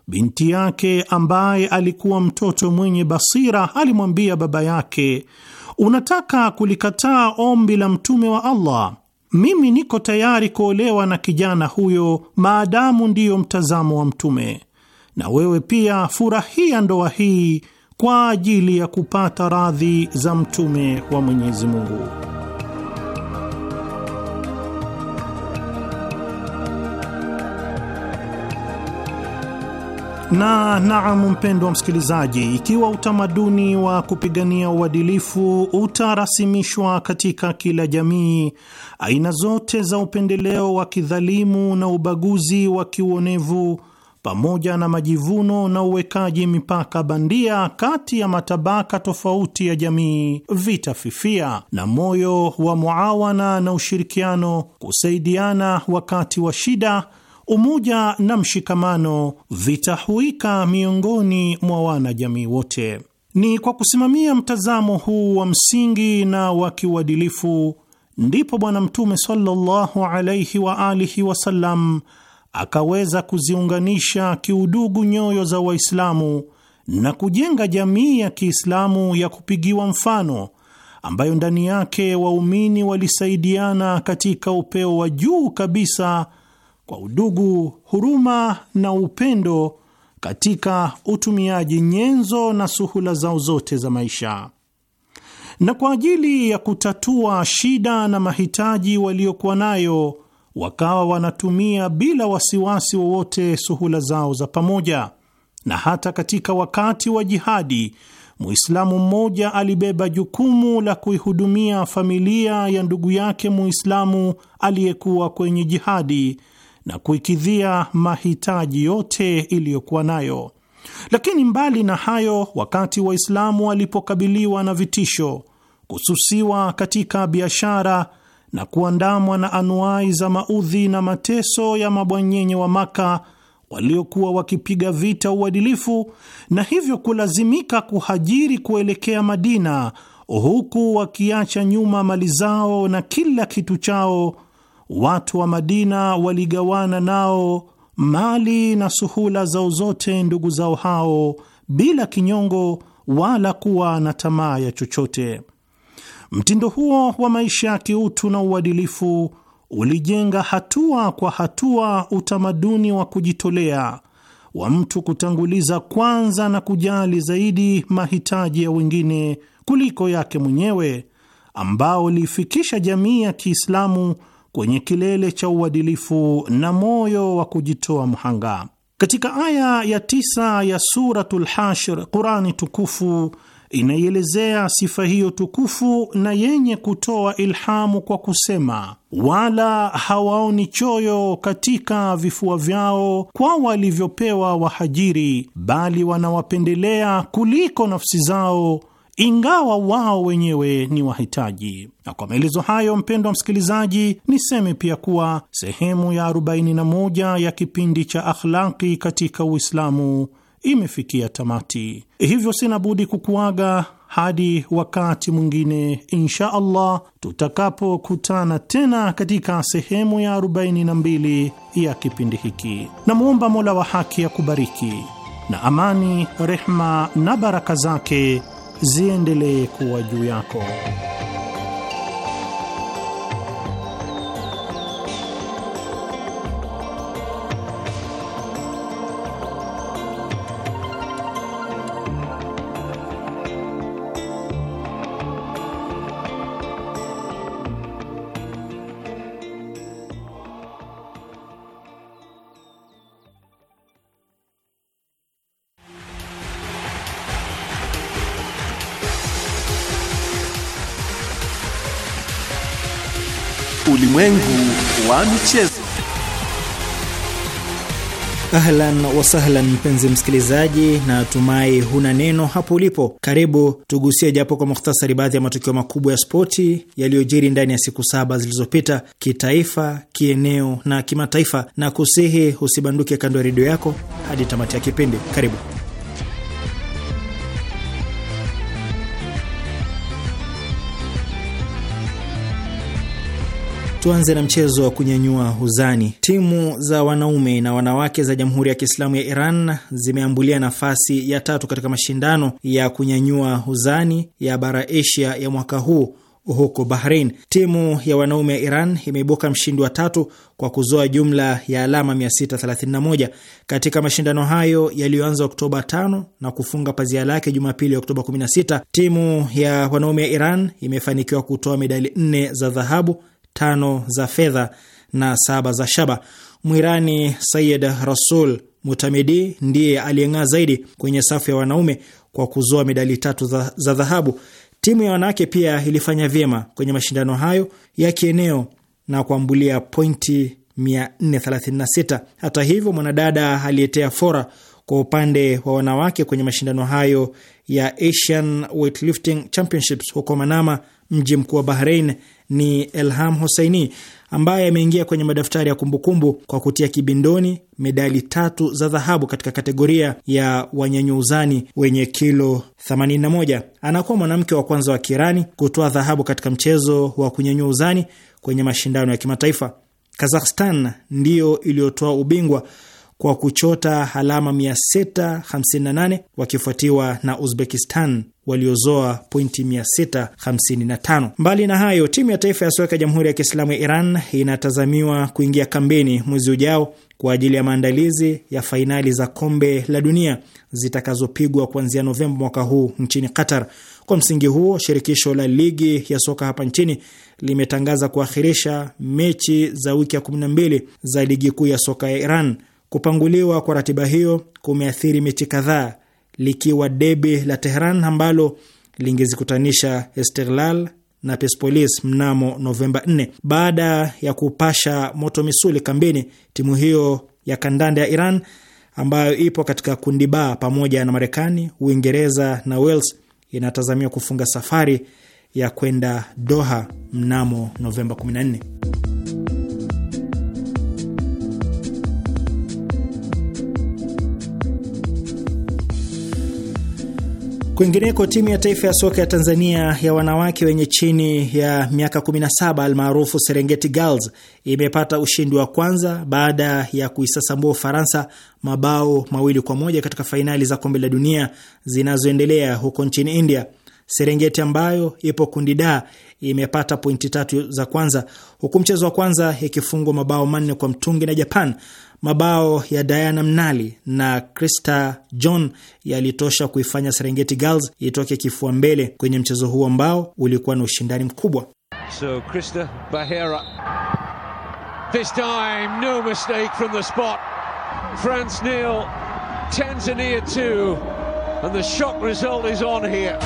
S5: binti yake ambaye alikuwa mtoto mwenye basira alimwambia baba yake, unataka kulikataa ombi la mtume wa Allah? Mimi niko tayari kuolewa na kijana huyo maadamu ndiyo mtazamo wa mtume, na wewe pia furahia ndoa hii kwa ajili ya kupata radhi za mtume wa Mwenyezi Mungu. Na naam, mpendwa msikilizaji, ikiwa utamaduni wa kupigania uadilifu utarasimishwa katika kila jamii, aina zote za upendeleo wa kidhalimu na ubaguzi wa kiuonevu pamoja na majivuno na uwekaji mipaka bandia kati ya matabaka tofauti ya jamii vitafifia, na moyo wa muawana na ushirikiano, kusaidiana wakati wa shida umoja na mshikamano vitahuika miongoni mwa wanajamii wote. Ni kwa kusimamia mtazamo huu wa msingi na wa kiuadilifu ndipo Bwana Mtume sallallahu alaihi wa alihi wasallam akaweza kuziunganisha kiudugu nyoyo za Waislamu na kujenga jamii ya Kiislamu ya kupigiwa mfano ambayo ndani yake waumini walisaidiana katika upeo wa juu kabisa kwa udugu, huruma na upendo katika utumiaji nyenzo na suhula zao zote za maisha na kwa ajili ya kutatua shida na mahitaji waliokuwa nayo, wakawa wanatumia bila wasiwasi wowote suhula zao za pamoja. Na hata katika wakati wa jihadi, Muislamu mmoja alibeba jukumu la kuihudumia familia ya ndugu yake Muislamu aliyekuwa kwenye jihadi na kuikidhia mahitaji yote iliyokuwa nayo. Lakini mbali na hayo, wakati Waislamu walipokabiliwa na vitisho, kususiwa katika biashara na kuandamwa na anuai za maudhi na mateso ya mabwanyenye wa Maka waliokuwa wakipiga vita uadilifu na hivyo kulazimika kuhajiri kuelekea Madina, huku wakiacha nyuma mali zao na kila kitu chao watu wa Madina waligawana nao mali na suhula zao zote ndugu zao hao bila kinyongo wala kuwa na tamaa ya chochote. Mtindo huo wa maisha ya kiutu na uadilifu ulijenga hatua kwa hatua utamaduni wa kujitolea wa mtu kutanguliza kwanza na kujali zaidi mahitaji ya wengine kuliko yake mwenyewe, ambao lifikisha jamii ya Kiislamu kwenye kilele cha uadilifu na moyo wa kujitoa mhanga. Katika aya ya tisa ya Suratul Hashr, Qurani tukufu inaielezea sifa hiyo tukufu na yenye kutoa ilhamu kwa kusema, wala hawaoni choyo katika vifua vyao kwa walivyopewa wahajiri, bali wanawapendelea kuliko nafsi zao ingawa wao wenyewe ni wahitaji. Na kwa maelezo hayo, mpendwa msikilizaji, niseme pia kuwa sehemu ya 41 ya kipindi cha Akhlaqi katika Uislamu imefikia tamati, hivyo sina budi kukuaga hadi wakati mwingine insha Allah tutakapokutana tena katika sehemu ya 42 ya kipindi hiki. Namwomba Mola wa haki ya kubariki na amani, rehma na baraka zake ziendelee kuwa juu yako.
S1: Ulimwengu wa michezo.
S4: Ahlan wasahlan mpenzi msikilizaji, na tumai huna neno hapo ulipo. Karibu tugusie japo kwa mukhtasari baadhi ya matukio makubwa ya spoti yaliyojiri ndani ya siku saba zilizopita, kitaifa, kieneo na kimataifa, na kusihi usibanduke kando ya redio yako hadi tamati ya kipindi. Karibu. Tuanze na mchezo wa kunyanyua uzani. Timu za wanaume na wanawake za Jamhuri ya Kiislamu ya Iran zimeambulia nafasi ya tatu katika mashindano ya kunyanyua uzani ya bara Asia ya mwaka huu huko Bahrain. Timu ya wanaume ya Iran imeibuka mshindi wa tatu kwa kuzoa jumla ya alama 631 katika mashindano hayo yaliyoanza Oktoba 5 na kufunga pazia lake Jumapili ya Oktoba 16. Timu ya wanaume ya Iran imefanikiwa kutoa medali nne za dhahabu tano za fedha na saba za shaba. Mwirani Sayid Rasul Mutamidi ndiye aliyeng'aa zaidi kwenye safu ya wanaume kwa kuzoa medali tatu za, za dhahabu. Timu ya wanawake pia ilifanya vyema kwenye mashindano hayo ya kieneo na kuambulia pointi 436. Hata hivyo, mwanadada aliyetea fora kwa upande wa wanawake kwenye mashindano hayo ya Asian Weightlifting Championships huko Manama mji mkuu wa Bahrein ni Elham Hoseini ambaye ameingia kwenye madaftari ya kumbukumbu kwa kutia kibindoni medali tatu za dhahabu katika kategoria ya wanyanyuuzani wenye kilo 81. Anakuwa mwanamke wa kwanza wa Kirani kutoa dhahabu katika mchezo wa uzani kwenye mashindano ya kimataifa. Kazakhstan ndiyo iliyotoa ubingwa kwa kuchota alama 658 wakifuatiwa na Uzbekistan waliozoa pointi 655. Mbali na hayo, timu ya taifa ya soka ya Jamhuri ya Kiislamu ya Iran inatazamiwa kuingia kambeni mwezi ujao kwa ajili ya maandalizi ya fainali za kombe la dunia zitakazopigwa kuanzia Novemba mwaka huu nchini Qatar. Kwa msingi huo, shirikisho la ligi ya soka hapa nchini limetangaza kuakhirisha mechi za wiki ya 12 za ligi kuu ya soka ya Iran Kupanguliwa kwa ratiba hiyo kumeathiri mechi kadhaa, likiwa debi la Tehran ambalo lingezikutanisha Esteghlal na Persepolis mnamo Novemba 4. Baada ya kupasha moto misuli kambini, timu hiyo ya kandanda ya Iran ambayo ipo katika kundi ba pamoja na Marekani, Uingereza na Wales inatazamia kufunga safari ya kwenda Doha mnamo Novemba 14. Kwingineko, timu ya taifa ya soka ya Tanzania ya wanawake wenye chini ya miaka 17 almaarufu Serengeti Girls imepata ushindi wa kwanza baada ya kuisasambua Ufaransa mabao mawili kwa moja katika fainali za kombe la dunia zinazoendelea huko nchini India. Serengeti ambayo ipo kundi da imepata pointi tatu za kwanza huku mchezo wa kwanza ikifungwa mabao manne kwa mtungi na Japan. Mabao ya Diana Mnali na Krista John yalitosha kuifanya Serengeti Girls itoke kifua mbele kwenye mchezo huo ambao ulikuwa na ushindani mkubwa.
S2: So Krista Bahera this time no mistake from the spot. France nil, Tanzania and the shock result is on here.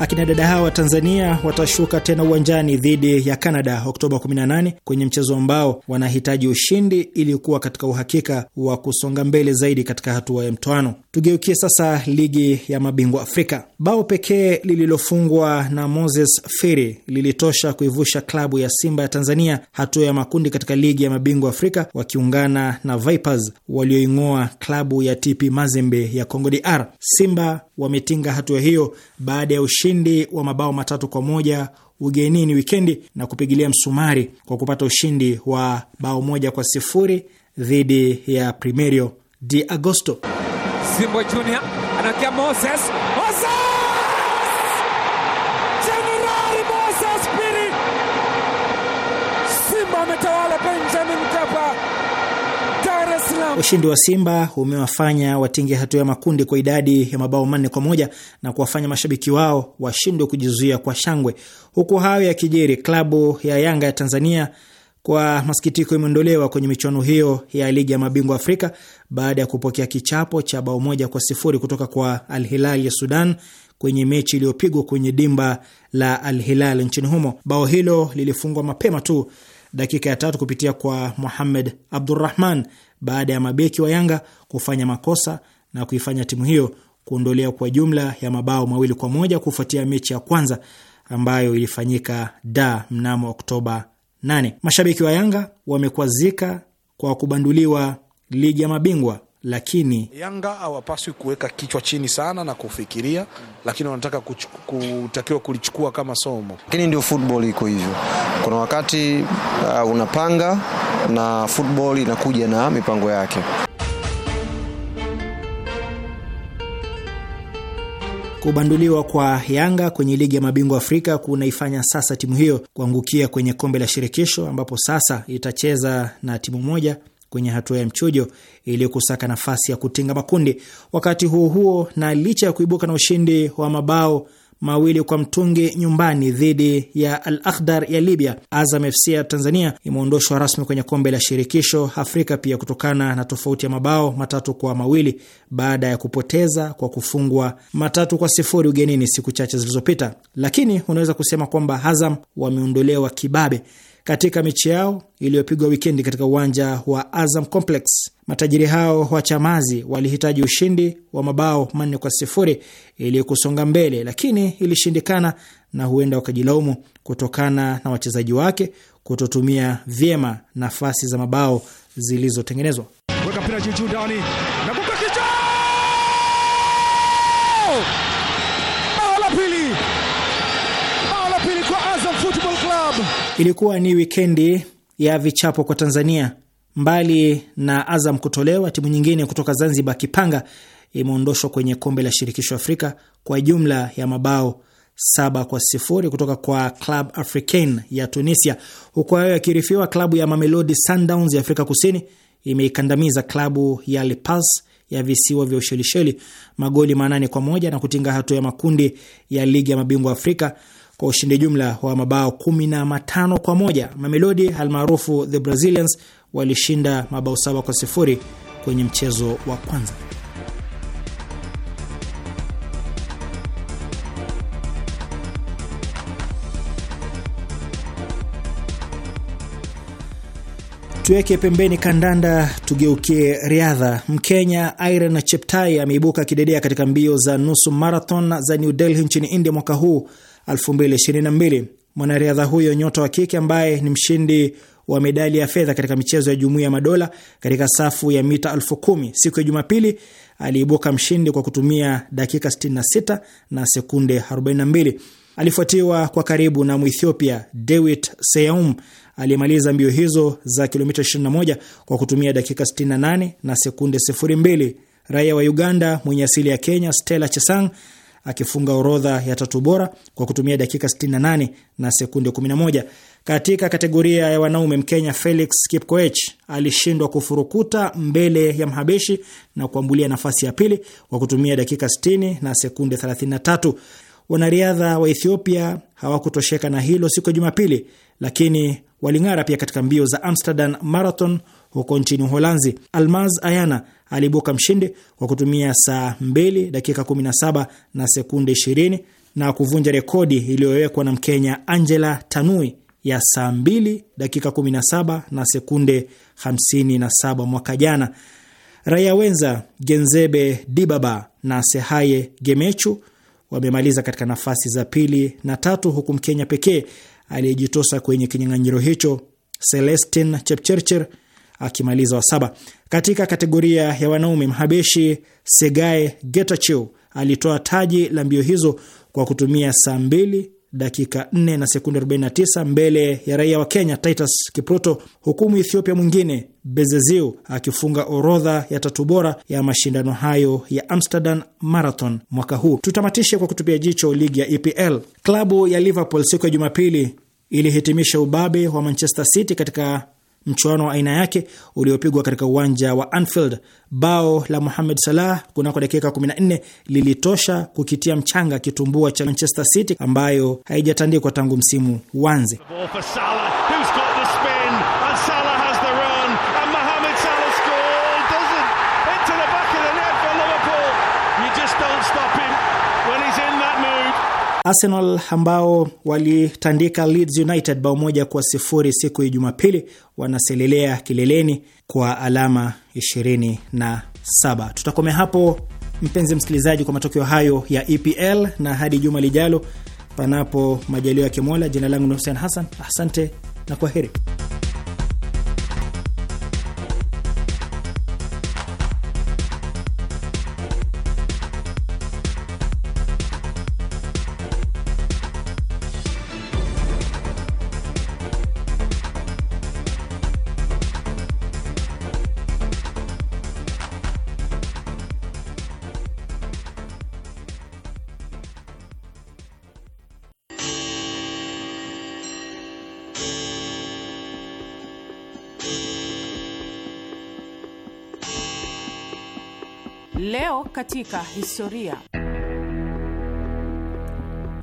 S4: Akina dada hawa wa Tanzania watashuka tena uwanjani dhidi ya Canada Oktoba 18 kwenye mchezo ambao wanahitaji ushindi ili kuwa katika uhakika wa kusonga mbele zaidi katika hatua ya mtoano. Tugeukie sasa ligi ya mabingwa Afrika. Bao pekee lililofungwa na Moses Firi lilitosha kuivusha klabu ya Simba ya Tanzania hatua ya makundi katika ligi ya mabingwa Afrika, wakiungana na Vipers walioing'oa klabu ya TP Mazembe ya Congo DR. Simba wametinga hatua hiyo baada ya ushindi ushindi wa mabao matatu kwa moja ugenini wikendi na kupigilia msumari kwa kupata ushindi wa bao moja kwa sifuri dhidi ya Primeiro de Agosto.
S2: Simba Junior anakia Moses. Simba ametawala
S1: Benjamin Mkapa. Ushindi
S4: wa Simba umewafanya watinge hatua ya makundi kwa idadi ya mabao manne kwa moja na kuwafanya mashabiki wao washindwe kujizuia kwa shangwe. Huku hayo ya kijeri, klabu ya Yanga ya Tanzania kwa masikitiko imeondolewa kwenye michuano hiyo ya ligi ya mabingwa Afrika baada ya kupokea kichapo cha bao moja kwa sifuri kutoka kwa Al Hilal ya Sudan kwenye mechi iliyopigwa kwenye dimba la Al Hilal nchini humo. Bao hilo lilifungwa mapema tu dakika ya tatu kupitia kwa Muhamed Abdurrahman baada ya mabeki wa Yanga kufanya makosa na kuifanya timu hiyo kuondolea kwa jumla ya mabao mawili kwa moja kufuatia mechi ya kwanza ambayo ilifanyika da mnamo Oktoba 8. Mashabiki wa Yanga wamekwazika kwa kubanduliwa ligi ya mabingwa lakini Yanga hawapaswi kuweka kichwa chini sana na kufikiria, lakini wanataka kutakiwa kulichukua kama somo.
S6: Lakini ndio football iko hivyo, kuna wakati uh, unapanga
S4: na football inakuja na mipango yake. Kubanduliwa kwa Yanga kwenye ligi ya mabingwa Afrika kunaifanya sasa timu hiyo kuangukia kwenye kombe la shirikisho ambapo sasa itacheza na timu moja kwenye hatua ya mchujo iliyokusaka nafasi ya kutinga makundi. Wakati huo huo, na licha ya kuibuka na ushindi wa mabao mawili kwa mtungi nyumbani dhidi ya Al Akhdar ya Libya, Azam FC ya Tanzania imeondoshwa rasmi kwenye kombe la shirikisho Afrika pia kutokana na tofauti ya mabao matatu kwa mawili baada ya kupoteza kwa kufungwa matatu kwa sifuri ugenini siku chache zilizopita, lakini unaweza kusema kwamba Azam wameondolewa kibabe katika mechi yao iliyopigwa wikendi katika uwanja wa Azam Complex. Matajiri hao wachamazi walihitaji ushindi wa mabao manne kwa sifuri ili kusonga mbele, lakini ilishindikana, na huenda wakajilaumu kutokana na wachezaji wake kutotumia vyema nafasi za mabao zilizotengenezwa. Ilikuwa ni wikendi ya vichapo kwa Tanzania. Mbali na Azam kutolewa, timu nyingine kutoka Zanzibar, Kipanga, imeondoshwa kwenye kombe la shirikisho Afrika kwa jumla ya mabao saba kwa sifuri kutoka kwa Club Africain ya Tunisia. Huku hayo yakirifiwa, klabu ya Mamelodi Sundowns ya Afrika Kusini imeikandamiza klabu ya Lepas ya visiwa vya Ushelisheli magoli manane kwa moja na kutinga hatua ya makundi ya ligi ya mabingwa Afrika kwa ushindi jumla wa mabao 15 kwa moja. Mamelodi almaarufu the Brazilians walishinda mabao saba kwa sifuri kwenye mchezo wa kwanza. Tuweke pembeni kandanda, tugeukie riadha. Mkenya Irene Cheptai ameibuka kidedea katika mbio za nusu marathon za New Delhi nchini India mwaka huu 2022. Mwanariadha huyo nyota wa kike ambaye ni mshindi wa medali ya fedha katika michezo ya Jumuiya ya Madola katika safu ya mita elfu kumi siku ya Jumapili aliibuka mshindi kwa kutumia dakika 66 na sekunde 42. Alifuatiwa kwa karibu na Mwethiopia Dewit Seyaum aliyemaliza mbio hizo za kilomita 21 kwa kutumia dakika 68 na sekunde 02. Raia wa Uganda mwenye asili ya Kenya Stella Chesang akifunga orodha ya tatu bora kwa kutumia dakika 68 na sekunde 11. Katika kategoria ya wanaume, Mkenya Felix Kipkoech alishindwa kufurukuta mbele ya Mhabeshi na kuambulia nafasi ya pili kwa kutumia dakika 60 na sekunde 33. Wanariadha wa Ethiopia hawakutosheka na hilo siku ya Jumapili, lakini waling'ara pia katika mbio za Amsterdam Marathon huko nchini Uholanzi. Almaz Ayana aliibuka mshindi kwa kutumia saa 2 dakika 17 na sekunde 20 na kuvunja rekodi iliyowekwa na Mkenya Angela Tanui ya saa 2 dakika 17 na sekunde 57 mwaka jana. Raia wenza Genzebe Dibaba na Sehaye Gemechu wamemaliza katika nafasi za pili na tatu, huku Mkenya pekee aliyejitosa kwenye kinyang'anyiro hicho Celestin Chepchirchir akimaliza wa saba. Katika kategoria ya wanaume, Mhabeshi Segae Getachew alitoa taji la mbio hizo kwa kutumia saa 2 dakika 4 na sekunde 49 mbele ya raia wa Kenya Titus Kipruto, huku Ethiopia mwingine Bezeziu akifunga orodha ya tatu bora ya mashindano hayo ya Amsterdam Marathon mwaka huu. Tutamatishe kwa kutupia jicho ligi ya EPL. Klabu ya Liverpool siku ya Jumapili ilihitimisha ubabe wa Manchester City katika mchuano wa aina yake uliopigwa katika uwanja wa Anfield. Bao la Mohamed Salah kunako dakika 14 lilitosha kukitia mchanga kitumbua cha Manchester City ambayo haijatandikwa tangu msimu wanze Arsenal ambao walitandika Leeds United bao moja kwa sifuri siku ya Jumapili wanaselelea kileleni kwa alama 27. Tutakomea hapo mpenzi msikilizaji, kwa matokeo hayo ya EPL na hadi juma lijalo, panapo majalio ya Kimola. Jina langu ni Hussein Hassan, asante na kwa heri.
S2: katika historia.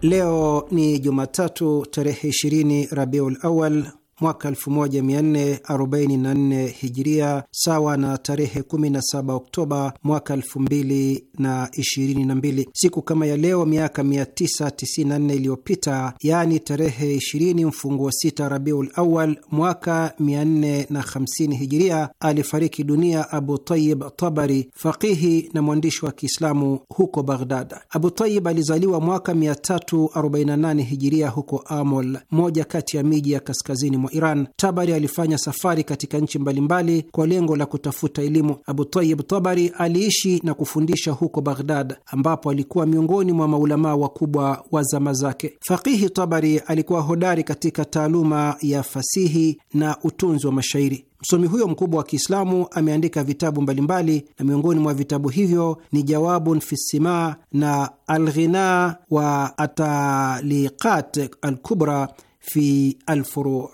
S6: Leo ni Jumatatu tarehe 20 Rabiul Awal mwaka 1444 Hijiria, sawa na tarehe 17 Oktoba mwaka 2022. Siku kama ya leo miaka 994 iliyopita, yaani tarehe 20 mfunguo sita Rabiul Awal mwaka 450 Hijiria, alifariki dunia Abu Tayib Tabari, faqihi na mwandishi wa Kiislamu huko Baghdad. Abu Tayib alizaliwa mwaka 348 Hijiria huko Amol, moja kati ya miji ya kaskazini mwa Iran. Tabari alifanya safari katika nchi mbalimbali kwa lengo la kutafuta elimu. Abu tayib Tabari aliishi na kufundisha huko Baghdad, ambapo alikuwa miongoni mwa maulamaa wakubwa wa zama zake. Fakihi Tabari alikuwa hodari katika taaluma ya fasihi na utunzi wa mashairi. Msomi huyo mkubwa wa Kiislamu ameandika vitabu mbalimbali na miongoni mwa vitabu hivyo ni Jawabun fi Sima na Alghina wa Ataliqat Alkubra fi Alfuruu.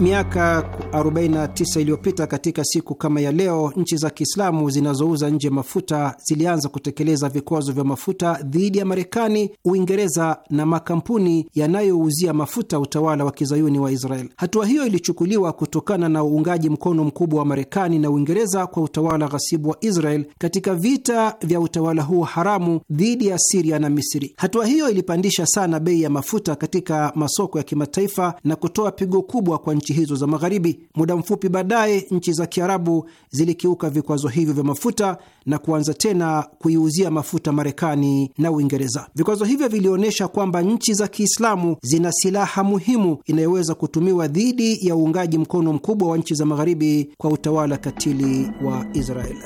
S6: miaka 49 iliyopita katika siku kama ya leo, nchi za Kiislamu zinazouza nje mafuta zilianza kutekeleza vikwazo vya mafuta dhidi ya Marekani, Uingereza na makampuni yanayouzia mafuta utawala wa kizayuni wa Israel. Hatua hiyo ilichukuliwa kutokana na uungaji mkono mkubwa wa Marekani na Uingereza kwa utawala ghasibu wa Israel katika vita vya utawala huo haramu dhidi ya Siria na Misri. Hatua hiyo ilipandisha sana bei ya mafuta katika masoko ya kimataifa na kutoa pigo kubwa kwa nchi hizo za Magharibi. Muda mfupi baadaye, nchi za Kiarabu zilikiuka vikwazo hivyo vya mafuta na kuanza tena kuiuzia mafuta Marekani na Uingereza. Vikwazo hivyo vilionyesha kwamba nchi za Kiislamu zina silaha muhimu inayoweza kutumiwa dhidi ya uungaji mkono mkubwa wa nchi za Magharibi kwa utawala katili wa Israeli.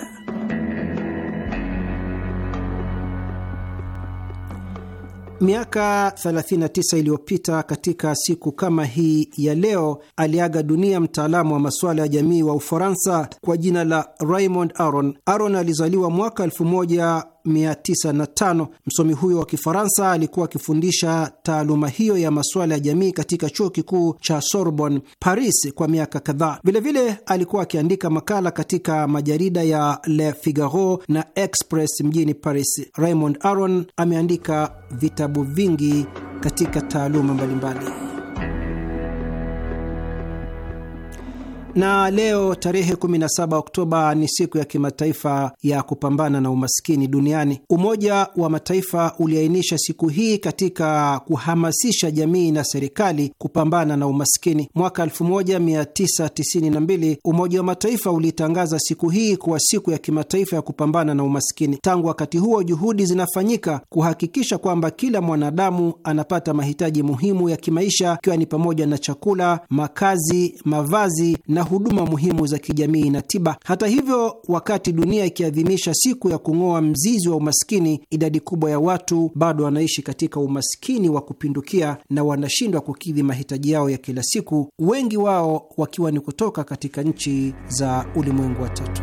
S6: Miaka 39 iliyopita katika siku kama hii ya leo aliaga dunia mtaalamu wa masuala ya jamii wa Ufaransa kwa jina la Raymond Aron. Aron alizaliwa mwaka 1 1905. Msomi huyo wa Kifaransa alikuwa akifundisha taaluma hiyo ya masuala ya jamii katika chuo kikuu cha Sorbonne, Paris, kwa miaka kadhaa. Vilevile alikuwa akiandika makala katika majarida ya Le Figaro na Express mjini Paris. Raymond Aron ameandika vitabu vingi katika taaluma mbalimbali. na leo tarehe 17 Oktoba ni siku ya kimataifa ya kupambana na umaskini duniani. Umoja wa Mataifa uliainisha siku hii katika kuhamasisha jamii na serikali kupambana na umaskini. Mwaka 1992 Umoja wa Mataifa ulitangaza siku hii kuwa siku ya kimataifa ya kupambana na umaskini. Tangu wakati huo, juhudi zinafanyika kuhakikisha kwamba kila mwanadamu anapata mahitaji muhimu ya kimaisha, ikiwa ni pamoja na chakula, makazi, mavazi na huduma muhimu za kijamii na tiba. Hata hivyo, wakati dunia ikiadhimisha siku ya kung'oa mzizi wa umaskini, idadi kubwa ya watu bado wanaishi katika umaskini wa kupindukia na wanashindwa kukidhi mahitaji yao ya kila siku, wengi wao wakiwa ni kutoka katika nchi za ulimwengu wa tatu.